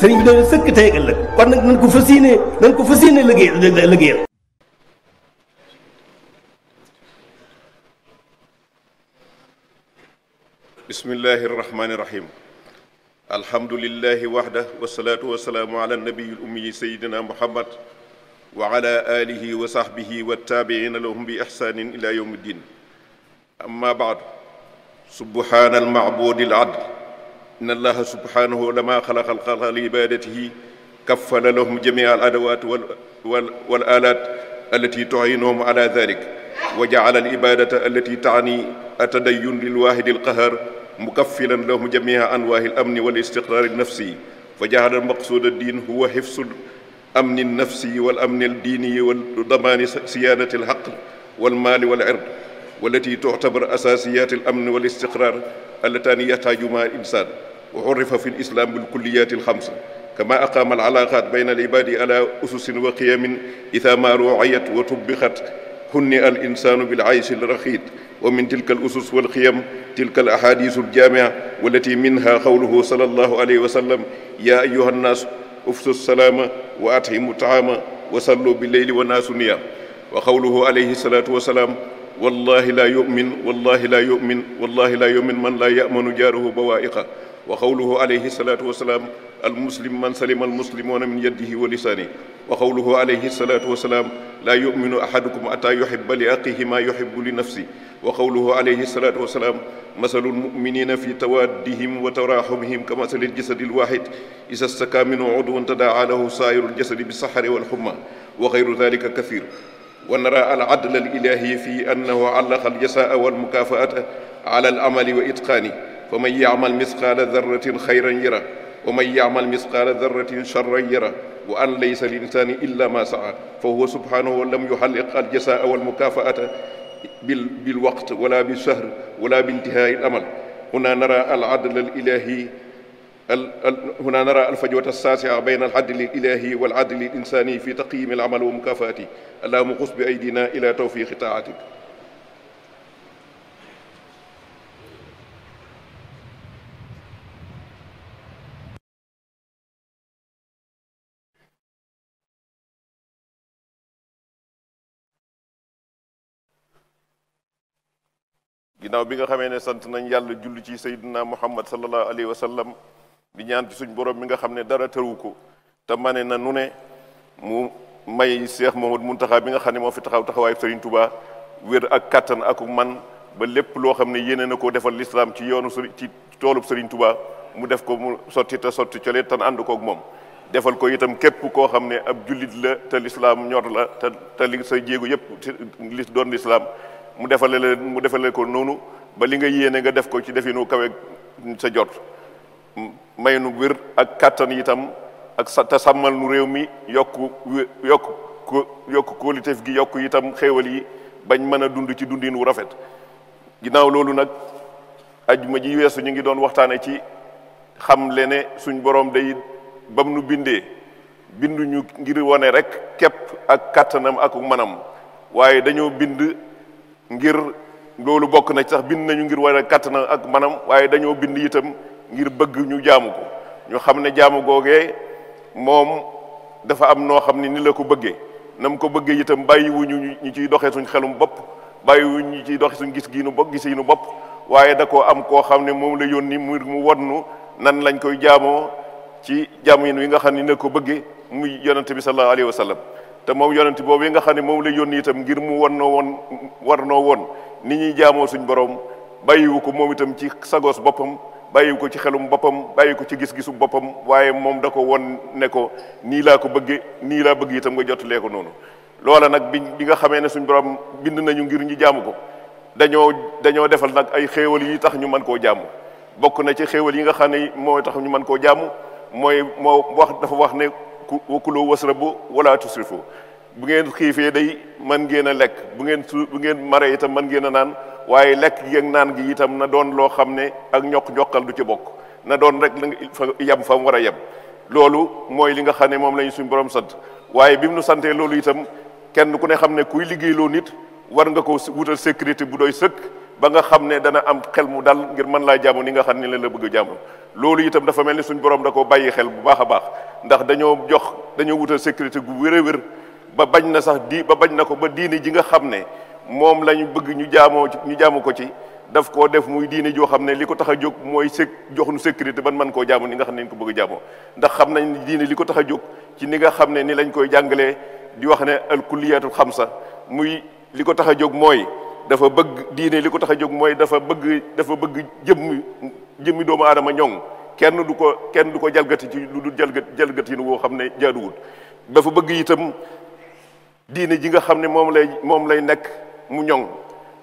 sëriñ bi dana sëkk tey ëllëg kon nag nañ ko fas yéene nañ ko fas yéene liggéey liggéeyal bismillahi irrahmani irrahim alhamdulilahi waxda wasalaatu wasalaamu ala nabiyi l ummi sayidina muhammad wa ala alihi wa sahbihi wa taabiina lahum bi ixsaanin ila yowm ddin amma baadu subhaana almaabudi al adl إن الله سبحانه لما خلق الخلق لعبادته كفل لهم جميع الأدوات والآلات التي تعينهم على ذلك وجعل العبادة التي تعني التدين للواحد القهر مكفلا لهم جميع أنواع الأمن والاستقرار النفسي فجعل المقصود الدين هو حفظ الأمن النفسي والأمن الديني وضمان سيادة الحق والمال والعرض والتي تعتبر أساسيات الأمن والاستقرار اللتان يحتاجهما الإنسان wa urrifa fi lislaam bilkulliyat alxamsa kama aqaama alalaaqat bayna alibaadi ala ususin wa qiyamin ida ma ruuyat wa tubixat hunni al insanu bilcayshi alraxid wa min tilka al usus walqiyam tilka al ahadisu aljamia wallati minha qawluhu sal allahu alayhi wa sallam ya ayuha nnaas ufsu salaama wa athimu taama wa sallu billeyli wa naasu niyaam wa qawluhu alayhi salaatu wa salaam wallahi laa yumin wallahi laa yumin wallahi laa yumin man laa yamanu jaaruhu bawaa'iqa wa xawluhu alayhi salaatu wasalaam almuslim man salima almuslimuuna min yadihi wa lisaani wa xawluhu alayhi salaatu wasalaam laa yuminu ahadukum ataa yuhibba li aqihi maa yuhibbu li nafsi wa xawluhu alayhi salaatu wasalaam masalul muminina fi tawaddihim wa taraxumihim ka masalil jasadi lwaxid isa stakaa minhu udwan tadaa lahu saairul jasadi bi saxari walxumma wa xayru dalika kathir wa nara al adla al ilahi fi annahu allaqa al jasaa wal mukafaata ala al amali wa itqaani fa man yaamal misqaala darratin xayran yara wa man yaamal misqaala darratin charran yara wa an laysa lil insaani illa ma saa fa huwa subhanahu lam yuxalliq al jasaa wal mukaafaata bil bil waqt wala bi shahr wala bi intihaai al amal huna nara al adl al ilahi هنا نرى الفجوة الساسعة بين العدل الإلهي والعدل الإنساني في تقييم العمل ومكافاته اللهم قص بأيدينا إلى توفيق طاعتك ginnaaw bi nga xamee ne sant nañ yàlla julli ci sayyidina muhammad sallallahu alayhi wa sallam di ñaan ci suñ borom mi nga xam ne dara tëru ko te mane na nu ne mu may Cheikh Mouhamadou Mountakha bi nga xam ne moo fi taxaw taxawaayu Serigne Touba wér ak kattan aku man ba lépp loo xam ne yéene na koo defal lislaam ci yoonu Serigne ci toolub Serigne Touba mu def ko mu sotti te sotti colee tan ànd koog moom defal ko itam képp koo xam ne ab jullit la te lislaam ñor la te te li sa jéego yëpp li doon lislaam mu defale la mu defale ko noonu ba li nga yéene nga def ko ci definu kawe sa jot may nu wér ak kàttan yitam ak sa te sàmmal nu réew mi yokk yokk ko gi yokk itam xéewal yi bañ mën a dund ci dundin wu rafet ginnaaw loolu nag ajuma ji weesu ñu ngi doon waxtaane ci xam le ne suñ borom day bam nu bindee binduñu ngir wane rek képp ak kattanam ak manam waaye dañoo bind ngir loolu bokk na ci sax bind nañu ngir war a kattanal ak manam waaye dañoo bind itam ngir bëgg ñu jaamu ko ñu xam ne jaamu googee moom dafa am noo xam ne ni la ko bëggee na mu ko bëggee itam bàyyiwuñu ñu ciy doxee suñ xelum bopp bàyyiwuñu ñu ciy doxee suñu gis giinu bopp gis nu bopp waaye da koo am koo xam ne moom la yónni mu mu wonnu nan lañ koy jaamoo ci jaamu yin wi nga xam ne ni la ko bëggee muy yonante bi sallallahu alayhi wa te moom yonent boobu yi nga xam ne moom la yónni itam ngir mu war noo woon war woon ni ñuy jaamoo suñ borom bàyyiwu ko moom itam ci sagoos boppam bàyyiwu ko ci xelum boppam bàyyi ko ci gis-gisu boppam waaye moom da ko woon ne ko nii laa ko bëgge nii laa bëgg itam nga lee ko noonu loola nag bi bi nga xamee ne suñ borom bind nañu ngir ñu jaamu ko dañoo dañoo defal nag ay xéewal yi tax ñu mën koo jaamu bokk na ci xéewal yi nga xam ne moo tax ñu mën koo jaamu mooy moo wax dafa wax ne ku wa kuluu wasrabu wala tusrifu bu ngeen xiifee day man ngeen a lekk bu ngeen su bu ngeen maree itam man ngeen a naan waaye lekk gi naan gi itam na doon loo xam ne ak ñokk-ñokkal du ci bokk na doon rek la fa yem fa mu war a yem loolu mooy li nga xam ne moom la ñu suñu borom sant waaye bi mu nu santee loolu itam kenn ku ne xam ne kuy liggéey loolu nit war nga ko wutal sécurité bu doy sëkk ba nga xam ne dana am xel mu dal ngir mën laa jaamu ni nga xam ne la la bëgg a jaamu loolu itam dafa mel ni suñ borom da koo bàyyi xel bu baax a baax ndax dañoo jox dañoo wutal sécurité gu wér a wér ba bañ na sax di ba bañ na ko ba diine ji nga xam ne moom la ñu bëgg ñu jaamoo ñu jaamu ko ci daf koo def muy diine joo xam ne li ko tax a jóg mooy sé jox nu sécurité ban man koo jaamu ni nga xam ne ko bëgg a jaamoo nañ ni li ko tax a jóg ci ni nga xam ne ni lañ koy jàngalee di wax ne al xam sax muy li ko tax a jóg mooy dafa bëgg diine li ko tax a jóg mooy dafa bëgg dafa bëgg jëmm jëmmi doomu aadama ñoŋ kenn du ko kenn du ko jalgati ci lu dul jalgati jalgatin woo xam ne jaaduwul dafa bëgg itam diine ji nga xam ne moom lay moom lay nekk mu ñoŋ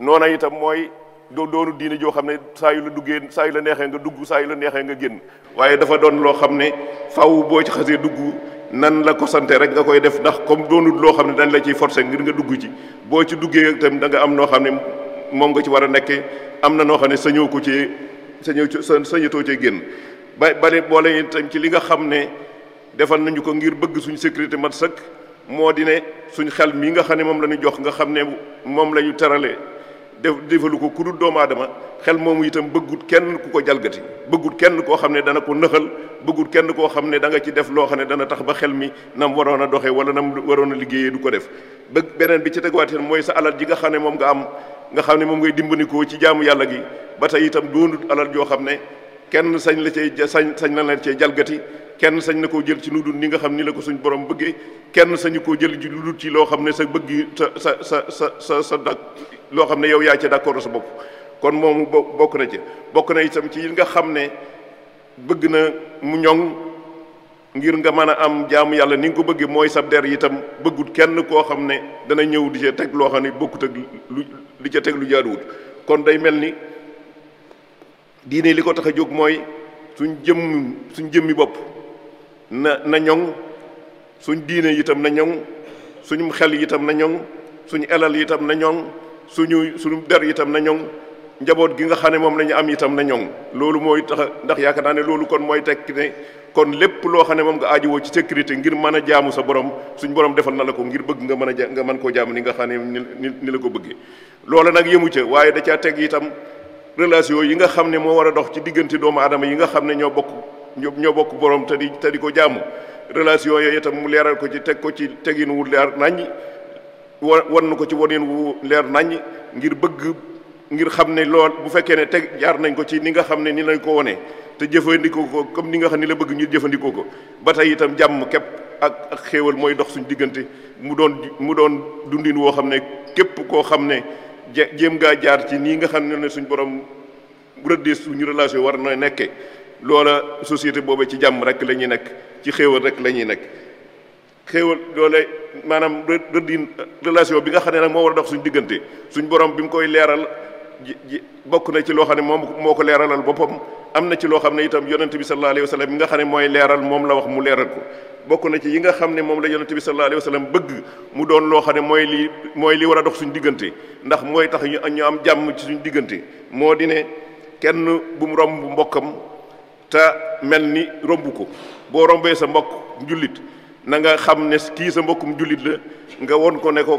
noona itam mooy doo doonu diine joo xam ne saayu la duggee saa la neexee nga dugg saa la neexee nga génn waaye dafa doon loo xam ne faw boo ci xasee dugg nan la ko sante rek nga koy def ndax comme doonul loo xam ne dañ la ciy forcer ngir nga dugg ci boo ci duggee itam danga am noo xam ne moom nga ci war a nekkee am na noo xam ne sañoo ko ci sañoo sañatoo cee génn ba bale boole tam ci li nga xam ne defal nañu ko ngir bëgg suñu sécurité mat sëkk moo di ne suñu xel mii nga xam ne moom la ñu jox nga xam ne moom la ñu terale def defalu ko ku dul doomu adama xel moom itam bëggut kenn ku ko jalgati bëggut kenn koo xam ne dana ko nëxal bëggut kenn koo xam ne da nga ci def loo xam ne dana tax ba xel mi nam waroon a doxe wala nam waroon a liggéeye du ko def bëgg beneen bi ci tegu tegawaat mooy sa alal ji nga xam ne moom nga am nga xam ne moom ngay dimbanikoo ci jaamu yàlla gi ba tey itam doonut alal joo xam ne kenn sañ la cee sañ sañ la la cee jalgati kenn sañ na koo jël ci lu dul ni nga xam ni la ko suñu borom bëggee kenn sañu koo jël ci lu dul ci loo xam ne sa bëgg sa sa sa sa sa da loo xam ne yow yaa ca d'accord sa bopp kon moomu bokk na ci bokk na itam ci yi nga xam ne bëgg na mu ñoŋ ngir nga mën a am jaamu yàlla ni nga ko bëggee mooy sab der itam bëggut kenn koo xam ne dana ñëw di ca teg loo xam ne bokkut ak lu di ca teg lu jaaduwut kon day mel ni diine li ko tax a jóg mooy suñ jëmm suñ jëmmi bopp na na ñoŋ suñ diine itam na ñoŋ suñu xel itam na ñoŋ suñu elal itam na ñoŋ suñu suñu der itam na ñoŋ njaboot gi nga xam ne moom la ñu am itam na ñoŋ loolu mooy tax ndax yaakaar naa ne loolu kon mooy tekki ne kon lépp loo xam ne moom nga aajowoo ci sécurité ngir mën a jaamu sa borom suñ borom defal na la ko ngir bëgg nga mën a ja nga mën koo jaamu ni nga xam ne ni la ko bëggee. loola nag yëmu ca waaye da caa teg itam relation yi nga xam ne moo war a dox ci diggante doomu adama yi nga xam ne ñoo bokk. ñoom ñoo bokk borom te di ko jàmm relation yooy itam mu leeral ko ci teg ko ci tegin wu leer naññ wa wan ko ci wanin wu leer naññ ngir bëgg ngir xam ne lool bu fekkee ne teg jaar nañ ko ci ni nga xam ne ni lañ ko wonee te jëfandikoo ko comme ni nga xam ne la bëgg ñu jëfandikoo ko ba tey itam jàmm képp ak ak xéewal mooy dox suñu diggante mu doon mu doon dundin woo xam ne képp koo xam ne jéem ngaa jaar ci nii nga xam ne ne suñ borom rëddee suñu relation war na nekkee loola société boobe ci jàmm rek la nekk ci xéewal rek la nekk xéewal doole maanaam diin relation bi nga xam ne nag moo war dox suñu diggante suñ borom bi mu koy leeral ji ji bokk na ci loo xam ne moom moo ko leeralal boppam am na ci loo xam ne itam yonent bi sallallahu alayhi wa bi nga xam ne mooy moom la wax mu leeral ko bokk na ci yi nga xam ne moom la yonent bi sallallahu alayhi wa sallam bëgg mu doon loo xam ne mooy lii mooy li war a dox suñu diggante ndax mooy tax ñu ñu am jàmm ci suñu diggante moo di ne kenn bu mu romb mbokkam ta mel ni romb ko boo rombee sa mbokk njullit na nga xam ne kii sa mbokkum jullit la nga woon ko ne ko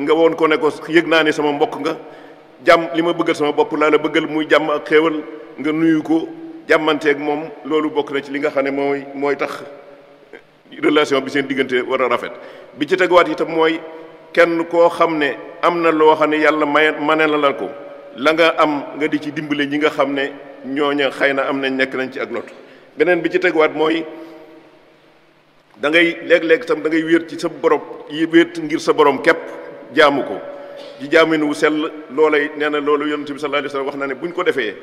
nga woon ko ne ko yëg naa ne sama mbokk nga jàmm li ma bëggal sama bopp laa la bëggal muy jàmm ak xéewal nga nuyu ko jàmmanteeg moom loolu bokk na ci li nga xam ne mooy mooy tax relation bi seen diggante war a rafet bi ci teguwaat itam mooy kenn koo xam ne am na loo xam ne yàlla may mane la la ko la nga am nga di ci dimbale ñi nga xam ne ñooña xëy na am nañ nekk nañ ci ak lot beneen bi ci teguwaat mooy dangay ngay léeg-léeg tam da ngay wéet ci sa borom yi wéet ngir sa borom képp jaamu ko ji jaamin wu sell loolay nee na loolu yonent bi sa alayhi wasallam wax na ne bu ñu ko defee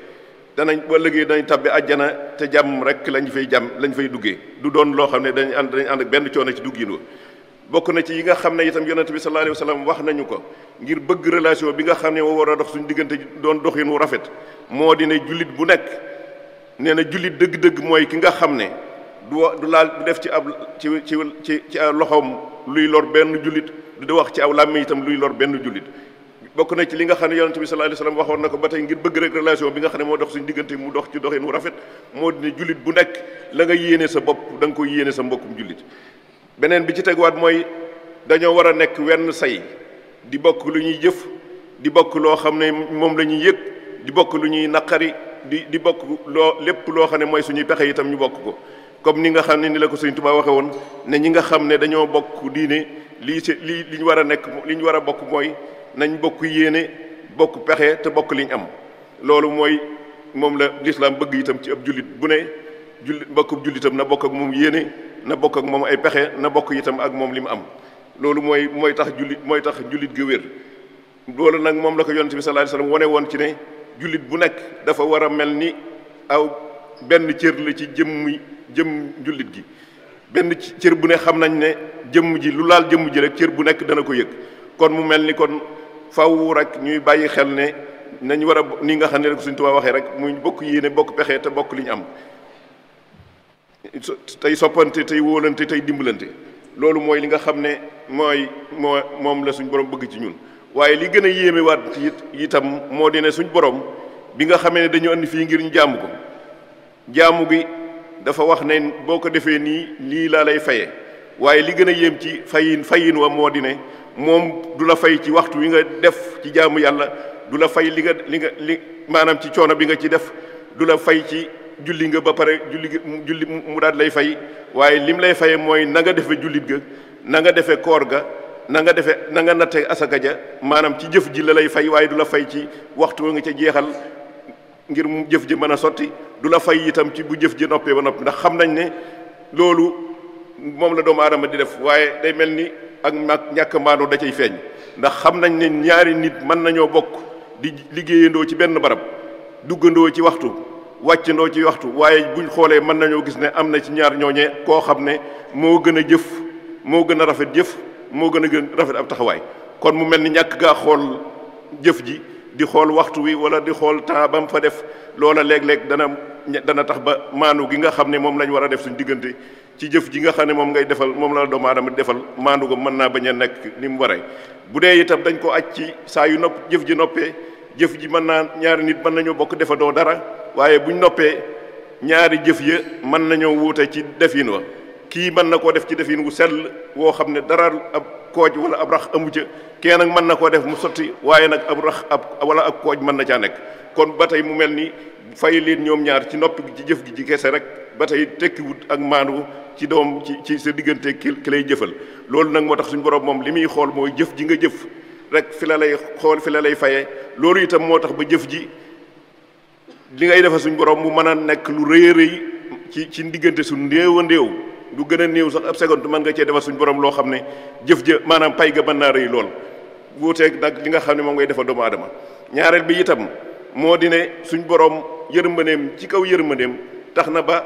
danañ ba léegi danañ tabbi àjjana te jàmm rek lañu fay jam lañ fay duggee du doon loo xam ne dañu ànd dañ ànd ak benn coono ci duggiin wa bokk na ci yi nga xam ne itam yonent bi sallallahu alayhi wa sallam wax nañu ko ngir bëgg relation bi nga xam ne moo war a dox suñu diggante doon doxin wu rafet moo di ne jullit bu nekk nee na jullit dëgg mooy ki nga xam ne du du laal def ci ab ci ci ci ci loxoom luy lor benn jullit du di wax ci aw làmmiñ itam luy lor benn jullit na ci li nga xam ne yonent bi sallallahu alayhi wa sallam waxoon na ko ba tey ngir bëgg rek relation bi nga xam ne moo dox suñu diggante mu dox ci doxin wu rafet moo di ne jullit bu nekk la nga yéene sa bopp danga koy yéene sa mbokkum jullit beneen bi ci teguwaat mooy dañoo war a nekk wenn say di bokk lu ñuy jëf di bokk loo xam ne moom la ñuy yëg di bokk lu ñuy naqari di di bokk loo lépp loo xam ne mooy suñuy pexe itam ñu bokk ko comme ni nga xam ne la ko Sëriñ Tuubaa waxe woon ne ñi nga xam ne dañoo bokk diine lii ci lii li ñu war a nekk li ñu war a bokk mooy nañ bokk yéene bokk pexe te bokk liñ am loolu mooy moom la lislaam bëgg itam ci ab jullit bu ne jullit mbokku jullitam na bokk ak moom yéene na bokk ak moom ay pexe na bokk itam ak moom li mu am loolu mooy mooy tax jullit mooy tax jullit gi wér loolu nag moom la ko yonent bi sallallahu alayhi wasallam wane woon ci ne jullit bu nekk dafa war a mel ni aw benn cër la ci jëmmi jëm jullit gi benn cër bu ne xam nañ ne jëmm ji lu laal jëmm ji rek cër bu nekk dana ko yëg kon mu mel ni kon faw rek ñuy bàyyi xel ne nañ war a ni nga xam ne rek suñ tubaab waxee rek muy bokk yéene bokk pexe te bokk li ñu am tey soppante tey wóolante tey dimbalante loolu mooy li nga xam ne mooy moo moom la suñ borom bëgg ci ñun waaye li gën a yéeme waat itam moo di ne suñ boroom bi nga xamee ne dañu andi fii ngir ñu jàmm ko jàmm gi dafa wax ne boo ko defee nii lii laa lay faye waaye li gën a yéem ci fayin fayin wa moo di ne moom du la fay ci waxtu wi nga def ci jàmm yàlla du la fay li nga li nga li maanaam ci coono bi nga ci def du la fay ci julli nga ba pare julli julli mu daal lay fay waaye lim lay faye mooy nanga nga defe jullit ga na defe koor ga na nga defe na nga natte asaka ja maanaam ci jëf ji la lay fay waaye du la fay ci waxtu wa nga ca jeexal ngir mu jëf ji mën a sotti du la fay itam ci bu jëf ji noppee ba noppi ndax xam nañ ne loolu moom la doomu aadama di def waaye day mel ni ak mag ñàkk maandu da ciy feeñ ndax xam nañ ne ñaari nit mën nañoo bokk di liggéeyandoo ci benn barab duggandoo ci waxtu wàccandoo ci waxtu waaye buñ xoolee mën nañoo gis ne am na ci ñaar ñooñee koo xam ne moo gën a jëf moo gën a rafet jëf moo gën a gën rafet ab taxawaay kon mu mel ni ñàkk gaa xool jëf ji di xool waxtu wi wala di xool temps ba mu fa def loola léeg-léeg dana dana tax ba maandu gi nga xam ne moom lañ war a def suñ diggante ci jëf ji nga xam ne moom ngay defal moom la doomu aadama defal maandu ko mën naa bañ a nekk ni mu waree bu dee itam dañ ko aj ci saa yu nopp jëf ji noppee jëf ji mën naa ñaari nit mën nañoo bokk defandoo dara waaye bu ñu noppee ñaari jëf ya mën nañoo wuute ci defin wa kii mën na koo def ci defin wu sell woo xam ne dara ab kooj wala ab rax amu ca kee nag mën na koo def mu sotti waaye nag ab rax ab wala ab kooj mën na caa nekk kon ba tey mu mel ni fay leen ñoom ñaar ci nopp gi ci jëf gi ci kese rek ba tey tekkiwut ak maandu ci doom ci ci sa diggante ki ki lay jëfal loolu nag moo tax suñu borom moom li muy xool mooy jëf ji nga jëf rek fi la lay xool fi la lay fayee loolu itam moo tax ba jëf ji li ngay defal suñ borom mu mën a nekk lu rëy a ci ci diggante su néew a lu gën a néew sax ab seconde mën nga cee defal suñ borom loo xam ne jëf maanaam pay ga mën naa rëy lool wuuteeg nag li nga xam ne moom ngay defal ñaareel bi itam moo di ne suñ borom yërmandeem ci kaw yërmandeem tax na ba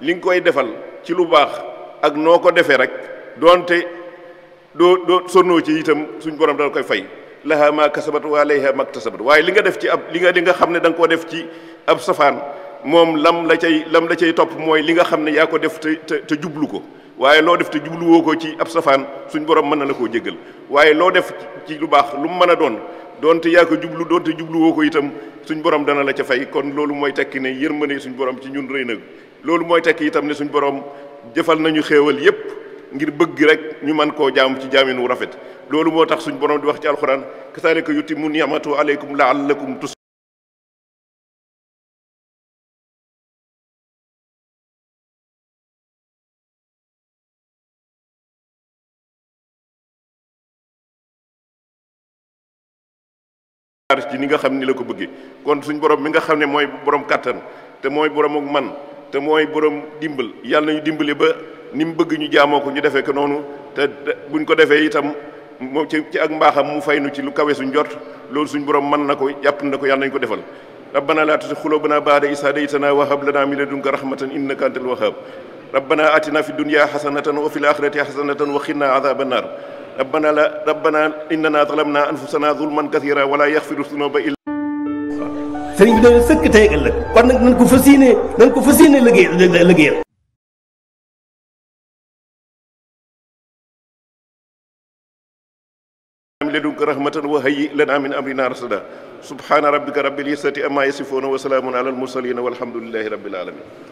li nga koy defal ci lu baax ak noo ko defee rek doonte doo doo sonnoo ci itam suñ borom dal koy fay laha ma kasabat wa alayha maktasabat waaye li nga def ci ab li nga nga xam ne danga koo def ci ab safaan moom lam la cay lam la cay topp mooy li nga xam ne yaa ko def te te jublu ko waaye loo def te jubluwoo ko ci ab safaan suñ borom mën na la koo jéggal waaye loo def ci lu baax lu mu mën a doon doonte yaa ko jublu doonte jubluwoo ko itam suñ borom dana la ca fay kon loolu mooy tekki ne yërmande suñ borom ci ñun rey na loolu mooy tekki itam ne suñ borom jëfal nañu xéewal yépp ngir bëgg rek ñu mën koo jaam ci jaamin wu rafet loolu moo tax suñ borom di wax ci alxuraan kasaalika yutimmu ni'matahu aleykum la'allakum tus arsh ji ni nga xam la ko bëggee kon suñ borom xam ne mooy borom kàttan te mooy borom ak man te mooy borom dimbal yàlla nañu ba ni mu bëgg ñu jaamoo ko ñu defee ko noonu te buñ ko defee itam moom ci ci ak mbaaxam mu fay nu ci lu kawe suñ jot loolu suñ na ko yàpp na ko yàlla rabbana laa fi dunya hasanatan wa fil akhirati hasanatan wa rabbana la rabbana innana zalamna anfusana zulman kathira wala yaghfiru dhunuba illa sëriñ bi dañu sëkk tey ak ëllëg kon nag nañ ko fas yéene nañ ko fas yéene liggéey liggéeyal ledunka rahmatan wa hayyi lana min amrina rasada subhana rabbika rabbil izzati amma yasifuna wa salamun ala al mursalin walhamdulillahi rabbil alamin